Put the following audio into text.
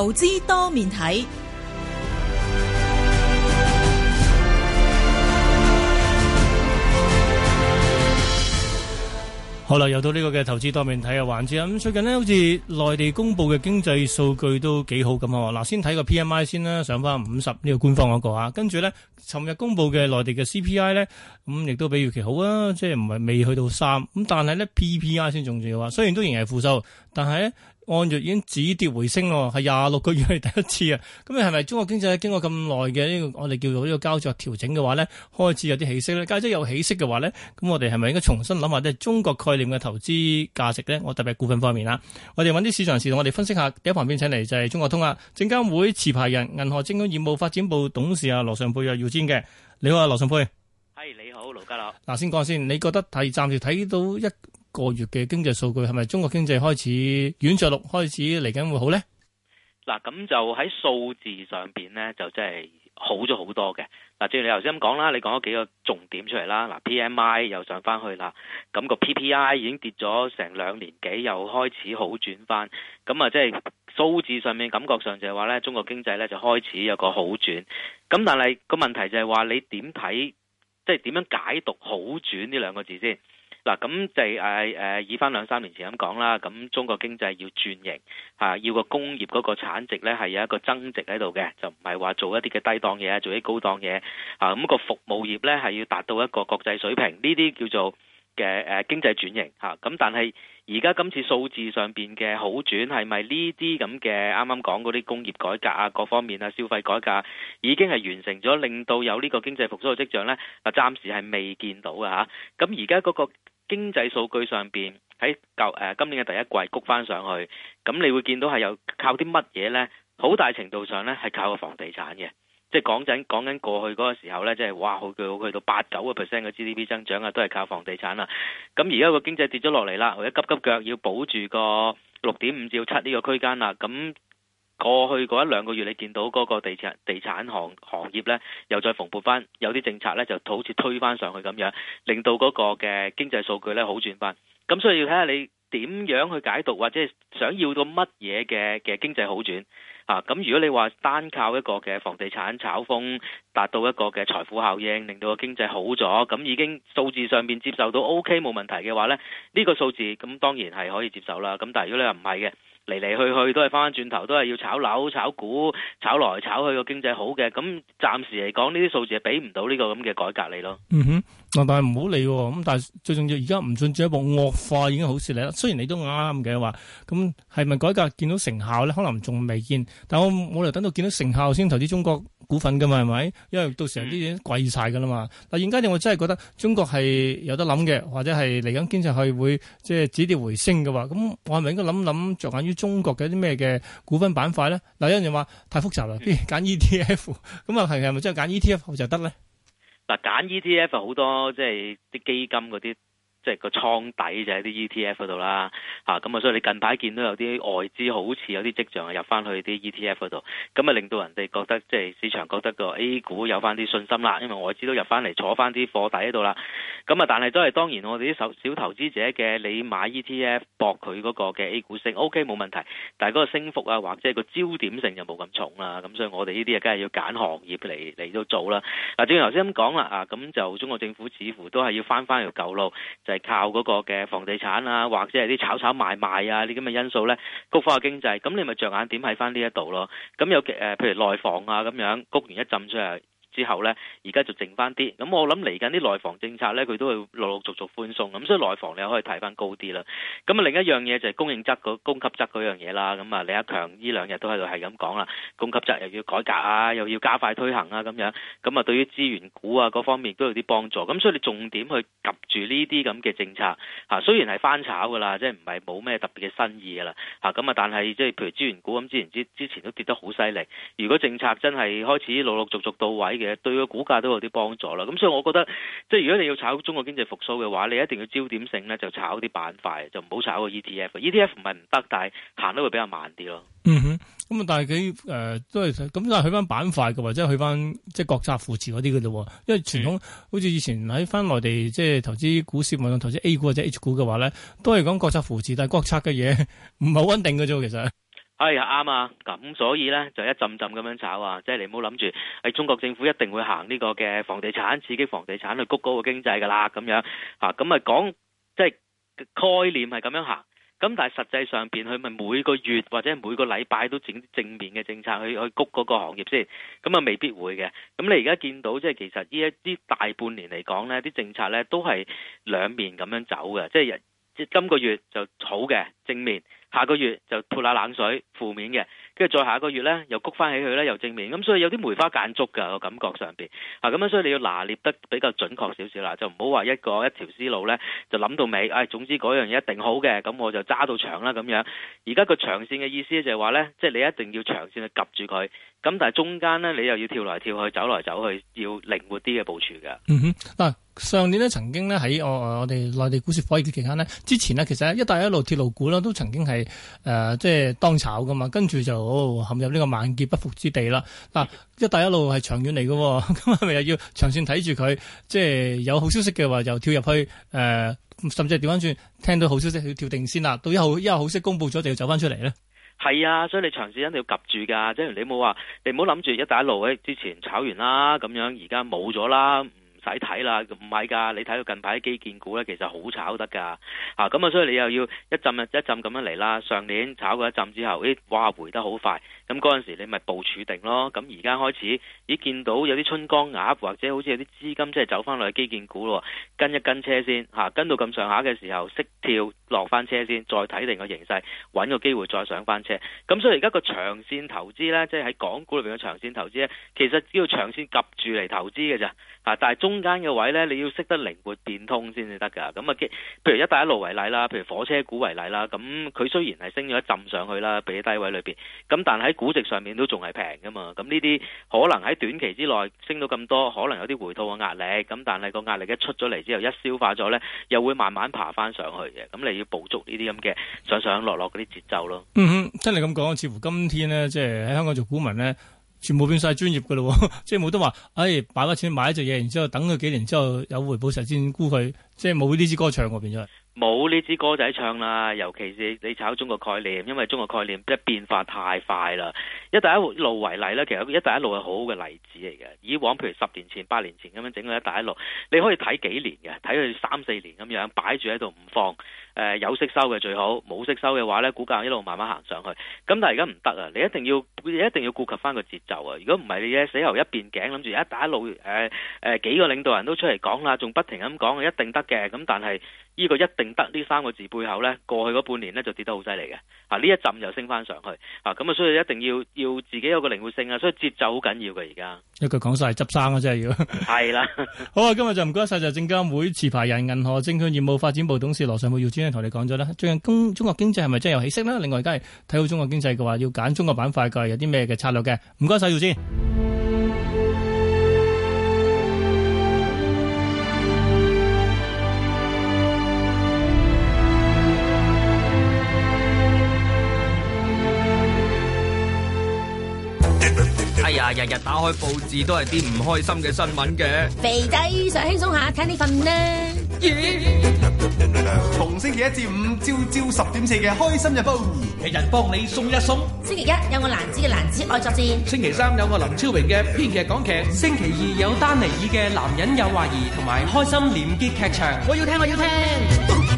投資多面睇，好啦，又到呢個嘅投資多面睇嘅環節啦。咁最近呢，好似內地公布嘅經濟數據都幾好咁啊。嗱，先睇個 P M I 先啦，上翻五十呢個官方嗰個啊。跟住呢，尋日公布嘅內地嘅 C P I 呢，咁亦都比預期好啊。即係唔係未去到三咁，但係呢 P P I 先重要啊。話，雖然都仍然係負數，但係呢。按月已經止跌回升喎，係廿六個月嚟第一次啊！咁你係咪中國經濟咧經過咁耐嘅呢個我哋叫做呢個交作調整嘅話咧，開始有啲起色咧？假如有起色嘅話咧，咁我哋係咪應該重新諗下即係中國概念嘅投資價值咧？我特別係股份方面啦，我哋搵啲市場時同我哋分析下。第一旁邊，旁邊請嚟就係、是、中國通啊，證監會持牌人、銀河證券業務發展部董事啊，羅尚沛啊，姚堅嘅。你好啊，羅尚沛。係、hey, 你好，盧家樂。嗱，先講先，你覺得暫時睇到一？個月嘅經濟數據係咪中國經濟開始軟着陸，開始嚟緊會好呢？嗱，咁就喺數字上邊咧，就真係好咗好多嘅。嗱，正如你頭先咁講啦，你講咗幾個重點出嚟啦。嗱，PMI 又上翻去啦，咁個 PPI 已經跌咗成兩年幾，又開始好轉翻。咁啊，即係數字上面感覺上就係話咧，中國經濟咧就開始有個好轉。咁但係個問題就係話，你點睇？即係點樣解讀好轉呢兩個字先？嗱，咁就係誒，以翻兩三年前咁講啦，咁中國經濟要轉型啊，要個工業嗰個產值咧係有一個增值喺度嘅，就唔係話做一啲嘅低檔嘢，做啲高檔嘢嚇，咁個服務業咧係要達到一個國際水平，呢啲叫做嘅誒經濟轉型嚇，咁但係而家今次數字上邊嘅好轉係咪呢啲咁嘅啱啱講嗰啲工業改革啊，各方面啊，消費改革已經係完成咗，令到有呢個經濟復甦嘅跡象呢，嗱，暫時係未見到嘅嚇。咁而家嗰個經濟數據上邊喺舊誒今年嘅第一季谷翻上去，咁你會見到係有靠啲乜嘢呢？好大程度上呢，係靠個房地產嘅。即係講緊講緊過去嗰個時候呢，即係哇，好佢好去到八九個 percent 嘅 GDP 增長啊，都係靠房地產啦。咁而家個經濟跌咗落嚟啦，或者急急腳要保住個六點五至到七呢個區間啦。咁過去嗰一兩個月，你見到嗰個地產地產行行業呢，又再蓬勃翻，有啲政策呢，就好似推翻上去咁樣，令到嗰個嘅經濟數據呢好轉翻。咁所以要睇下你。點樣去解讀，或者想要到乜嘢嘅嘅經濟好轉啊？咁如果你話單靠一個嘅房地產炒風達到一個嘅財富效應，令到個經濟好咗，咁已經數字上面接受到 OK 冇問題嘅話呢，呢、呢個數字咁當然係可以接受啦。咁但係如果你話唔係嘅，嚟嚟去去都係翻返轉頭，都係要炒樓、炒股、炒來炒去個經濟好嘅。咁暫時嚟講，呢啲數字係俾唔到呢個咁嘅改革你咯。嗯哼，啊、但係唔好理喎、哦。咁但係最重要，而家唔進進一步惡化已經好事嚟啦。雖然你都啱嘅話，咁係咪改革見到成效咧？可能仲未見，但我冇理由等到見到成效先投資中國。股份噶嘛，係咪？因為到時候啲嘢貴晒噶啦嘛。嗱、嗯，而家我真係覺得中國係有得諗嘅，或者係嚟緊經濟係會即係止跌回升嘅話，咁我係咪應該諗諗着眼於中國嘅一啲咩嘅股份板塊咧？嗱，有人就話太複雜啦，不、嗯、如揀 ETF。咁啊，係咪真係揀 ETF 就得咧？嗱，揀 ETF 好多即係啲基金嗰啲。即係個倉底就喺啲 ETF 嗰度啦，吓咁啊，所以你近排見到有啲外資好似有啲跡象入翻去啲 ETF 嗰度，咁啊令到人哋覺得即係市場覺得個 A 股有翻啲信心啦，因為外資都入翻嚟坐翻啲貨底喺度啦。咁啊，但係都係當然，我哋啲小投資者嘅，你買 ETF 博佢嗰個嘅 A 股升，OK 冇問題。但係嗰個升幅啊，或者個焦點性就冇咁重啦，啊。咁所以我哋呢啲啊，梗係要揀行業嚟嚟到做啦。嗱，正如頭先咁講啦，啊咁就中國政府似乎都係要翻返條舊路，就係、是、靠嗰個嘅房地產啊，或者係啲炒炒買賣，賣啊呢啲咁嘅因素咧，谷返個經濟。咁你咪着眼點喺翻呢一度咯？咁有、呃、譬如內房啊咁樣，谷完一浸出嚟。之後呢，而家就剩翻啲。咁我諗嚟緊啲內房政策呢，佢都會陸陸陸續續寬鬆。咁所以內房你可以睇翻高啲啦。咁啊，另一樣嘢就係供應側嗰供給側嗰樣嘢啦。咁啊，李克強呢兩日都喺度係咁講啦。供給側又要改革啊，又要加快推行啊，咁樣。咁啊，對於資源股啊嗰方面都有啲幫助。咁所以你重點去及住呢啲咁嘅政策嚇，啊，雖然係翻炒噶啦，即係唔係冇咩特別嘅新意噶啦嚇。咁啊，但係即係譬如資源股咁，之前之之前都跌得好犀利。如果政策真係開始陸陸續續到位嘅，對個股價都有啲幫助啦，咁、嗯、所以我覺得，即係如果你要炒中國經濟復蘇嘅話，你一定要焦點性咧，就炒啲板塊，就唔好炒個 ETF。ETF 唔係唔得，但係行得會比較慢啲咯。嗯哼，咁、嗯、啊，但係佢誒都係咁，但係去翻板塊嘅話，或者去翻即係國策扶持嗰啲嘅喎。因為傳統、嗯、好似以前喺翻內地即係、就是、投資股市，或者投資 A 股或者 H 股嘅話咧，都係講國策扶持，但係國策嘅嘢唔係好穩定嘅啫，其實。哎呀啱啊，咁所以呢，就一陣陣咁樣炒啊，即係你唔好諗住中國政府一定會行呢個嘅房地產刺激房地產去谷嗰個經濟㗎啦，咁樣啊，咁咪講即係概念係咁樣行，咁但係實際上面，佢咪每個月或者每個禮拜都整正面嘅政策去去谷嗰個行業先，咁啊未必會嘅。咁你而家見到即係其實呢一啲大半年嚟講呢啲政策呢，都係兩面咁樣走嘅，即係即今個月就好嘅正面。下個月就潑下冷水，負面嘅，跟住再下個月呢，又谷翻起佢呢，又正面，咁所以有啲梅花間竹噶個感覺上邊，啊咁樣，所以你要拿捏得比較準確少少啦，就唔好話一個一條思路呢，就諗到尾，唉、哎，總之嗰樣嘢一定好嘅，咁我就揸到長啦咁樣。而家個長綫嘅意思就係話呢，即係你一定要長綫去及住佢，咁但係中間呢，你又要跳來跳去，走來走去，要靈活啲嘅部署㗎。嗯上年咧曾經咧喺我我我哋內地股市火熱嘅期間呢，之前呢，其實一帶一路鐵路股咧都曾經係誒、呃、即係當炒噶嘛，跟住就、哦、陷入呢個萬劫不復之地啦。嗱，一帶一路係長遠嚟喎，咁 咪又要長線睇住佢，即係有好消息嘅話就跳入去誒、呃，甚至係調翻轉聽到好消息要跳定先啦。到以後一個好消息公布咗，就要走翻出嚟咧。係啊，所以你長時間一定要及住㗎，即係你冇話你唔好諗住一帶一路誒之前炒完啦，咁樣而家冇咗啦。睇睇啦，唔係㗎，你睇到近排基建股咧，其實好炒得㗎嚇，咁啊，所以你又要一浸啊，一浸咁樣嚟啦。上年炒過一浸之後，咦、哎，哇，回得好快，咁嗰陣時你咪部署定咯。咁而家開始咦，見到有啲春光鴨，或者好似有啲資金即係走翻落去基建股咯，跟一跟車先嚇、啊，跟到咁上下嘅時候，識跳落翻車先，再睇定個形勢，揾個機會再上翻車。咁、啊、所以而家個長線投資呢，即係喺港股裏邊嘅長線投資呢，其實只要長線及住嚟投資嘅咋嚇，但係中中間嘅位呢，你要識得靈活變通先至得噶。咁啊，譬如一帶一路為例啦，譬如火車股為例啦。咁佢雖然係升咗一浸上去啦，比起低位裏邊。咁但係喺估值上面都仲係平噶嘛。咁呢啲可能喺短期之內升到咁多，可能有啲回吐嘅壓力。咁但係個壓力一出咗嚟之後，一消化咗呢，又會慢慢爬翻上去嘅。咁你要捕捉呢啲咁嘅上上落落嗰啲節奏咯。嗯哼，即係你咁講，似乎今天呢，即係喺香港做股民呢。全部變晒專業噶咯，即係冇得話，哎，擺咗錢買一隻嘢，然之後等佢幾年之後有回報時先沽佢，即係冇呢支歌唱過變咗，冇呢支歌仔唱啦，尤其是你炒中國概念，因為中國概念即係變化太快啦。一帶一路為例呢，其實一帶一路係好好嘅例子嚟嘅。以往譬如十年前、八年前咁樣整個一帶一路，你可以睇幾年嘅，睇佢三四年咁樣擺住喺度唔放。誒、呃、有息收嘅最好，冇息收嘅話呢，股價一路慢慢行上去。咁但係而家唔得啊！你一定要一定要顧及翻個節奏啊！如果唔係咧，死頭一邊頸，諗住一帶一路誒誒、呃呃、幾個領導人都出嚟講啦，仲不停咁講，一定得嘅。咁但係呢個一定得呢三個字背後呢，過去嗰半年呢，就跌得好犀利嘅。啊，呢一陣又升翻上去啊，咁啊，所以一定要。要自己有個靈活性啊，所以節奏好緊要嘅而家。一句講晒執生啊，真係要。係 啦是的， 好啊，今日就唔該晒就係證監會持牌人、銀河證券業務發展部董事羅尚沛耀尊同你講咗啦。最近中中國經濟係咪真係有起色呢？另外而家係睇好中國經濟嘅話，要揀中國板塊嘅係有啲咩嘅策略嘅？唔該晒耀先。日日打開報紙都係啲唔開心嘅新聞嘅，肥仔想輕鬆下，睇你份呢？Yeah. 從星期一至五，朝朝十點四嘅《開心日報》，日日幫你送一送。星期一有我蘭子嘅蘭子愛作戰，星期三有我林超榮嘅編劇講劇，星期二有丹尼爾嘅男人有懷疑同埋開心連結劇場，我要聽，我要聽。